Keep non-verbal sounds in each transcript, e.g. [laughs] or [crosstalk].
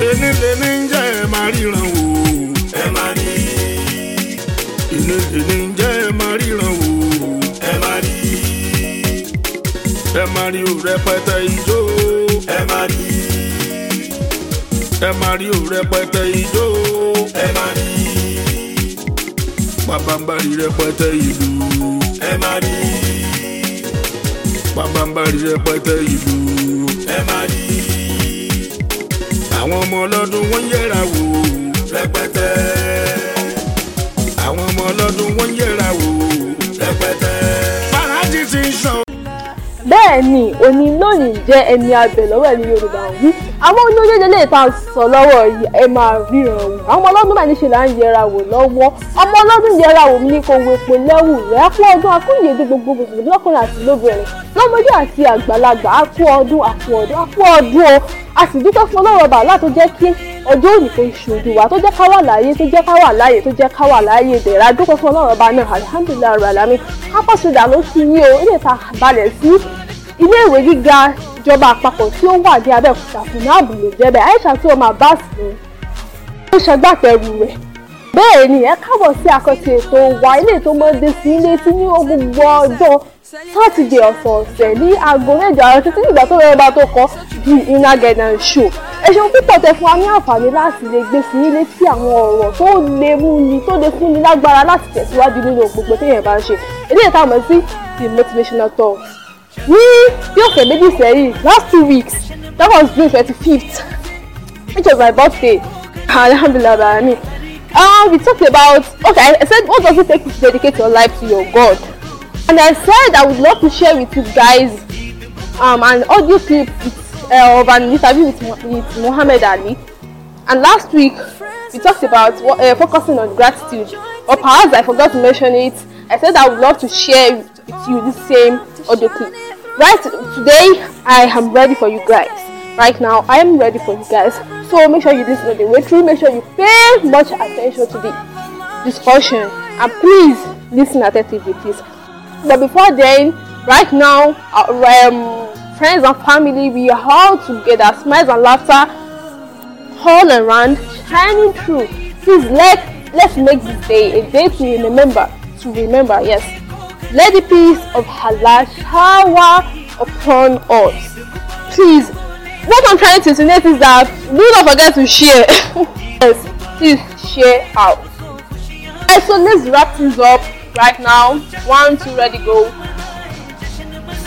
ẹni lè ní jẹ́ ẹ máa ríran wò. ẹ máa rí. ẹni lè ní jẹ́ ẹ máa ríran wò. ẹ máa rí. ẹ máa rí òrẹ́ pẹ́tẹ́ ijó. ẹ máa rí. ẹ máa rí òrẹ́ pẹ́tẹ́ ijó. ẹ máa rí. pàpàǹbarì rẹpẹtẹ ìlú. ẹ máa rí. pàpàǹbarì rẹpẹtẹ ìlú. ẹ máa rí àwọn ọmọ ọlọ́dún wọ́n yẹra wò rẹpẹtẹ. àwọn ọmọ ọlọ́dún wọ́n yẹra wò rẹpẹtẹ. fàájì ti ń sàn bẹ́ẹ̀ ni òní lónìí jẹ́ ẹni abẹ lọ́wọ́ ẹni yorùbá wí àwọn oníjó lélẹ̀ tá a sọ lọ́wọ́ yìí ẹ máa ríran wò àwọn ọlọ́dún máa ní ṣe là ń yẹra wò lọ́wọ́ ọmọ ọlọ́dún yẹra wò mí ní kò wo epo lẹ́wù rẹ̀ á kú ọdún akú ìyèdè gbogbo gbogbo lọ́kùnrin àti lóbìnrin lọ́mọdé àti àgbàlagbà á kú ọdún àkú ọdún àkú ọdún o a sì dúpẹ́ fún ọjọ́ òní kò ṣòdù wá tó jẹ́ ká wà láàyè tó jẹ́ ká wà láàyè tó jẹ́ ká wà láàyè dẹ̀ra dúpẹ́ fún ọlọ́run bàálà náà alihamudulilayi rẹ̀ lámì kápọ̀ sí ìdàlóṣù yìí o ilé ìta balẹ̀ sí iléèwé gíga ìjọba àpapọ̀ tí ó wà ní abẹ́òkúta funab ló jẹ́ bẹ́ẹ̀ Aisha tó máa bá sí i ó ṣagbátẹrù rẹ̀ bẹ́ẹ̀ ni ẹ káàbọ̀ sí àkànṣe ètò wa ilé tó máa ń dé sí ilé tí ní gbogbo ọjọ́ sátidé ọ̀sọ̀ọ̀sẹ̀ ní aago mẹ́jọ àárọ̀ títí nígbà tó lọ́wọ́ bá tó kọ́ di iná gẹ̀dàn ṣò ẹ ṣeun púpọ̀ tẹ fún wa ní àǹfààní láti lè gbé sí ilé tí àwọn ọ̀rọ̀ tó lè mú ni tó lè fún ni lágbára láti tẹ̀síwájú nínú gbogbo téèyàn bá ń ṣe eléyìí táwọn sí the motivational talk. ní bí okay maybe sẹ́yìn last two weeks that was June twenty fifth which was my birthday ah, alhamdulillah I mean uh, we talked about okay I said what does it take to dedicate your life to your God and I said I would love to share with you guys um, an audio clip with, uh, of an interview with, with Muhammad Ali and last week we talked about uh, focusing on gratitude or perhaps I forgot to mention it I said I would love to share with you the same audio clip right today i am ready for you guys right now i am ready for you guys so make sure you listen to the way through make sure you pay much attention to the discussion and please listen attentively please but before then right now our um, friends and family we are all together smiles and laughter all around shining through please let let's make this day a day to remember to remember yes let the peace of Allah shower upon us. Please, what I'm trying to insinuate is that do not forget to share. [laughs] yes, please share out. Alright, so let's wrap things up right now. One, two, ready, go.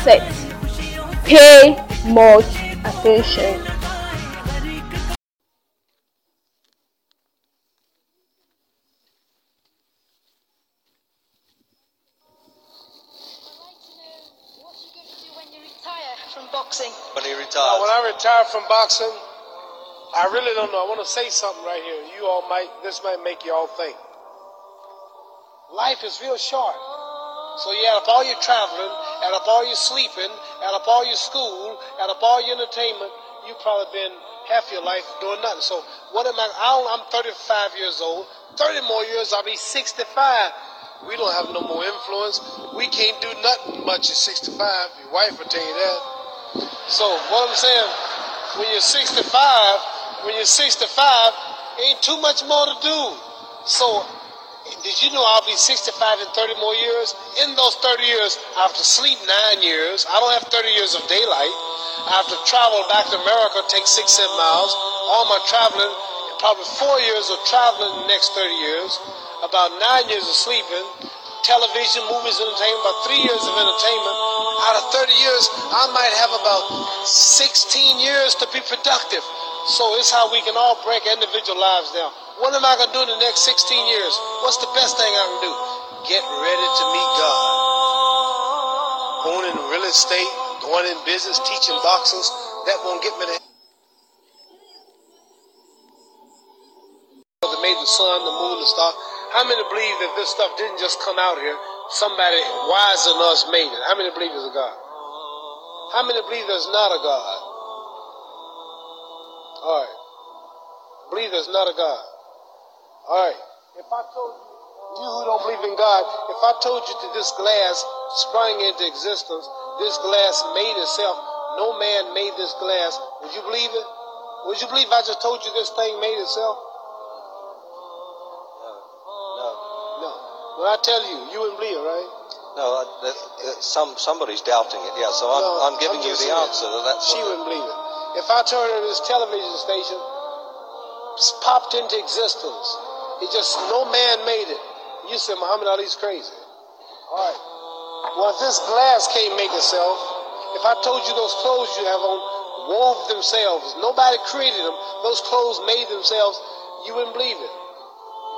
Set. Pay much attention boxing? When he retired. when I retired from boxing, I really don't know. I want to say something right here. You all might, this might make you all think. Life is real short. So you add up all your traveling, add up all your sleeping, add up all your school, add up all your entertainment, you probably been half your life doing nothing. So what am I, I am 35 years old. 30 more years, I'll be 65. We don't have no more influence. We can't do nothing much at 65. Your wife will tell you that. So what I'm saying, when you're 65, when you're 65, ain't too much more to do. So did you know I'll be 65 in 30 more years? In those 30 years, I have to sleep nine years. I don't have 30 years of daylight. I have to travel back to America, take six, seven miles. All my traveling, probably four years of traveling in the next 30 years, about nine years of sleeping, television, movies, entertainment, about three years of entertainment. Out of 30 years, I might have about 16 years to be productive. So it's how we can all break individual lives down. What am I going to do in the next 16 years? What's the best thing I can do? Get ready to meet God. Going in real estate, going in business, teaching boxers, that won't get me to that made the sun, the moon, the stars. How many believe that this stuff didn't just come out here? Somebody wise than us made it. How many believe there's a God? How many believe there's not a God? All right. Believe there's not a God. All right. If I told you, you who don't believe in God, if I told you that this glass sprang into existence, this glass made itself, no man made this glass, would you believe it? Would you believe I just told you this thing made itself? Well, I tell you, you and Leah, right? No, uh, some somebody's doubting it. Yeah, so I'm, no, I'm giving I'm you the answer. That that's she wouldn't believe it. If I told her this television station popped into existence, it just no man made it. You said Muhammad Ali's crazy. All right. Well, if this glass can't make itself, if I told you those clothes you have on wove themselves, nobody created them. Those clothes made themselves. You wouldn't believe it.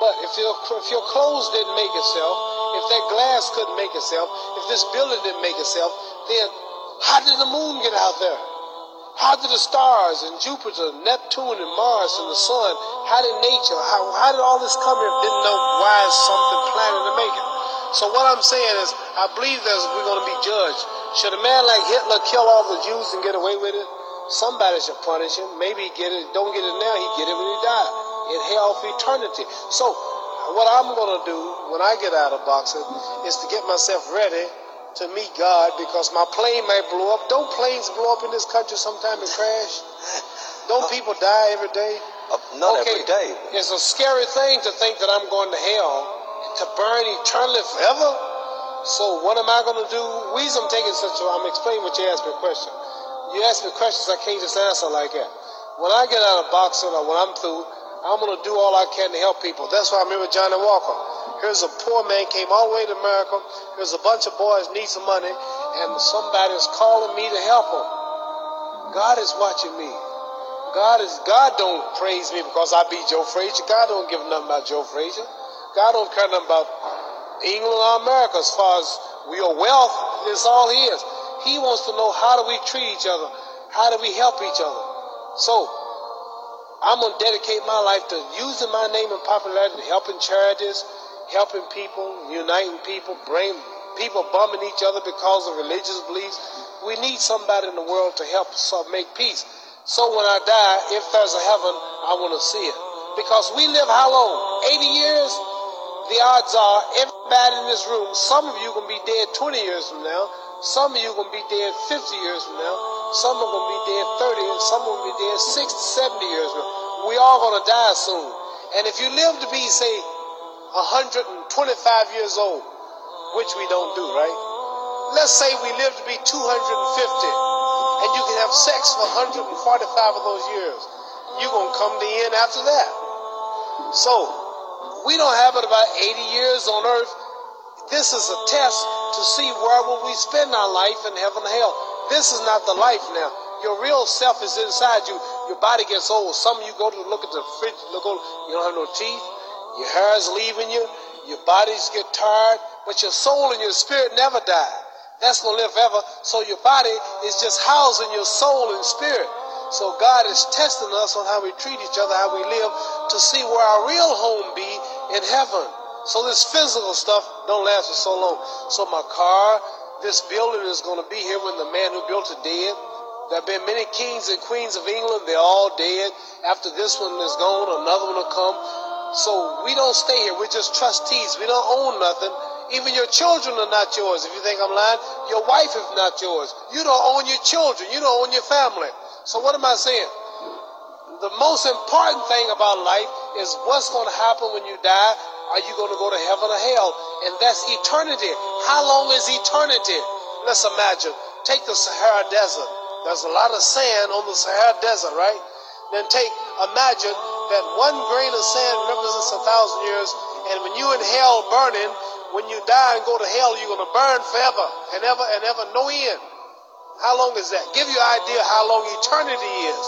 But if your, if your clothes didn't make itself, if that glass couldn't make itself, if this building didn't make itself, then how did the moon get out there? How did the stars and Jupiter, Neptune and Mars and the sun, how did nature, how, how did all this come here didn't know why something planned to make it? So what I'm saying is, I believe that we're going to be judged. Should a man like Hitler kill all the Jews and get away with it? Somebody should punish him. Maybe he get it. Don't get it now. He get it when he died in hell for eternity. So, what I'm going to do when I get out of boxing is to get myself ready to meet God because my plane might blow up. Don't planes blow up in this country sometime and crash? Don't uh, people die every day? Uh, not okay, every day. It's a scary thing to think that I'm going to hell to burn eternally forever. So what am I going to do? Reason I'm taking such a, I'm explaining what you asked me a question. You asked me questions I can't just answer like that. When I get out of boxing or when I'm through, I'm going to do all I can to help people. That's why I remember Johnny Walker. Here's a poor man came all the way to America. Here's a bunch of boys need some money, and somebody's calling me to help them. God is watching me. God is God don't praise me because I beat Joe Frazier. God don't give nothing about Joe Frazier. God don't care nothing about England or America as far as your wealth is all he is. He wants to know how do we treat each other? How do we help each other? So I'm gonna dedicate my life to using my name and popularity, helping charities, helping people, uniting people, bring people bumming each other because of religious beliefs. We need somebody in the world to help us make peace. So when I die, if there's a heaven, I want to see it. Because we live how long? 80 years? The odds are everybody in this room, some of you going to be dead 20 years from now. Some of you going to be dead 50 years from now. Some of them be dead 30, and some of them be dead 60, 70 years. We all gonna die soon. And if you live to be, say, 125 years old, which we don't do, right? Let's say we live to be 250, and you can have sex for 145 of those years. You're gonna come to the end after that. So we don't have it about 80 years on earth. This is a test to see where will we spend our life in heaven and hell. This is not the life now. Your real self is inside you. Your body gets old. Some of you go to look at the fridge, look old, you don't have no teeth. Your hair is leaving you. Your bodies get tired. But your soul and your spirit never die. That's going to live forever. So your body is just housing your soul and spirit. So God is testing us on how we treat each other, how we live, to see where our real home be in heaven. So this physical stuff don't last for so long. So my car, this building is going to be here when the man who built it dead. There have been many kings and queens of England. They're all dead. After this one is gone, another one will come. So we don't stay here. We're just trustees. We don't own nothing. Even your children are not yours. If you think I'm lying, your wife is not yours. You don't own your children. You don't own your family. So what am I saying? The most important thing about life is what's going to happen when you die are you going to go to heaven or hell? And that's eternity. How long is eternity? Let's imagine. Take the Sahara Desert. There's a lot of sand on the Sahara Desert, right? Then take, imagine that one grain of sand represents a thousand years. And when you in hell burning, when you die and go to hell, you're going to burn forever and ever and ever, no end. How long is that? Give you an idea how long eternity is.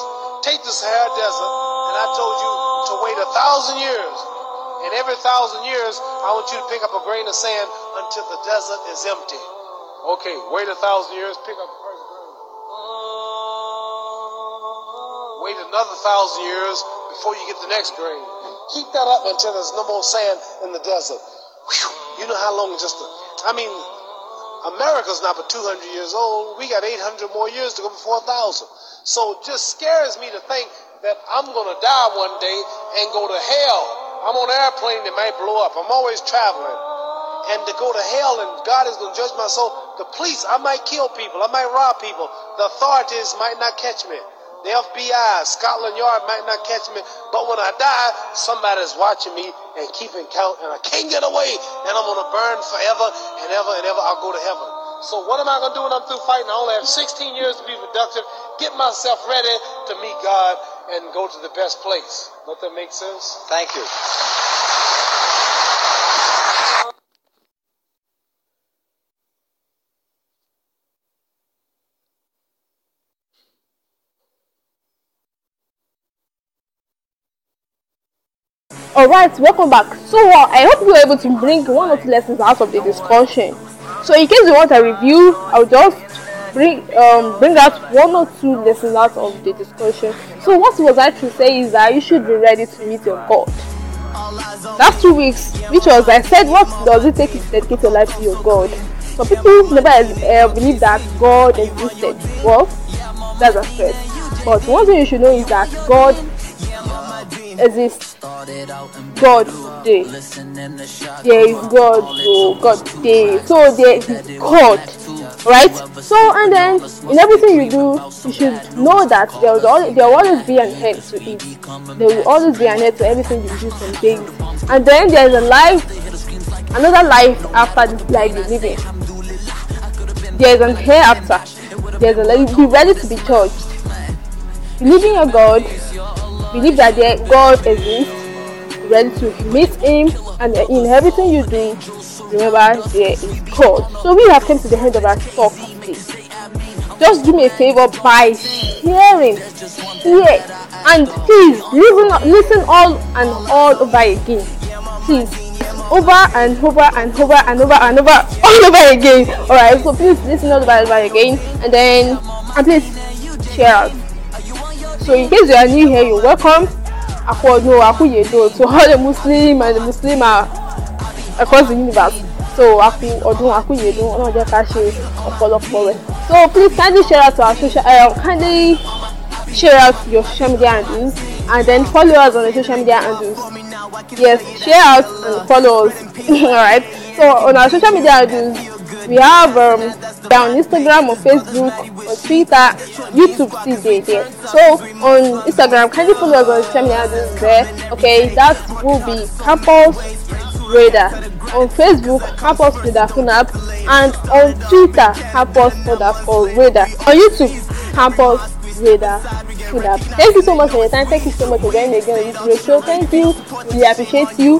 Take the Sahara Desert, and I told you to wait a thousand years. And every thousand years, I want you to pick up a grain of sand until the desert is empty. Okay, wait a thousand years, pick up grain. Wait another thousand years before you get the next grain. Keep that up until there's no more sand in the desert. Whew, you know how long just the, I mean, America's not but 200 years old. We got 800 more years to go before 1,000. So it just scares me to think that I'm going to die one day and go to hell I'm on an airplane that might blow up. I'm always traveling. And to go to hell and God is going to judge my soul. The police, I might kill people. I might rob people. The authorities might not catch me. The FBI, Scotland Yard might not catch me, but when I die, somebody's watching me and keeping count, and I can't get away, and I'm gonna burn forever and ever and ever. I'll go to heaven. So what am I gonna do when I'm through fighting? I only have 16 years to be productive. Get myself ready to meet God and go to the best place. Does that make sense? Thank you. All right, welcome back. So uh, I hope you were able to bring one or two lessons out of the discussion. So in case you want a review, I'll just bring um, bring out one or two lessons out of the discussion. So what was I to say is that you should be ready to meet your God. Last two weeks, which was I said, what does it take to dedicate your life to your God? Some people never uh, believe that God existed. Well, that's a fact. But one thing you should know is that God exists. God day. There is God, oh God day. So there is God right? So and then in everything you do, you should know that there will always, there will always be an end to it. There will always be an end to everything you do some And then there's a life, another life after this life you're living. There's an hereafter. There's a life. Be ready to be judged. Believe in your God. Believe that God exists ready to meet Him. And in everything you do, remember there is God. So we have come to the end of our talk today just do me a favor by sharing yeah. and please listen listen all and all over again please over and over and over and over and over all over again all right so please listen all over over again and then and please share out so in case you are new here you're welcome Akwodo, Akuyedo, to all the Muslim and the Muslim are across the universe. So Aku Odun, Akuyedo, ọlọ́run jẹ́ ká ṣe ọ̀pọ̀lọpọ̀ rẹ̀. So please kindly share out our social uh, kindly share out your social media handles and then follow us on the social media handles. Yes, share out and follow us. [laughs] Alright. So on our social media handles We have um, on Instagram, or Facebook, or Twitter, YouTube still there. So on Instagram, can you follow us on social there. Okay, that will be Campus Radar. On Facebook, Campus Radar Funab, and on Twitter, Campus for Radar. On YouTube, Campus Radar Funab. Thank you so much for your time. Thank you so much for joining again on this radio show. Thank you. We appreciate you.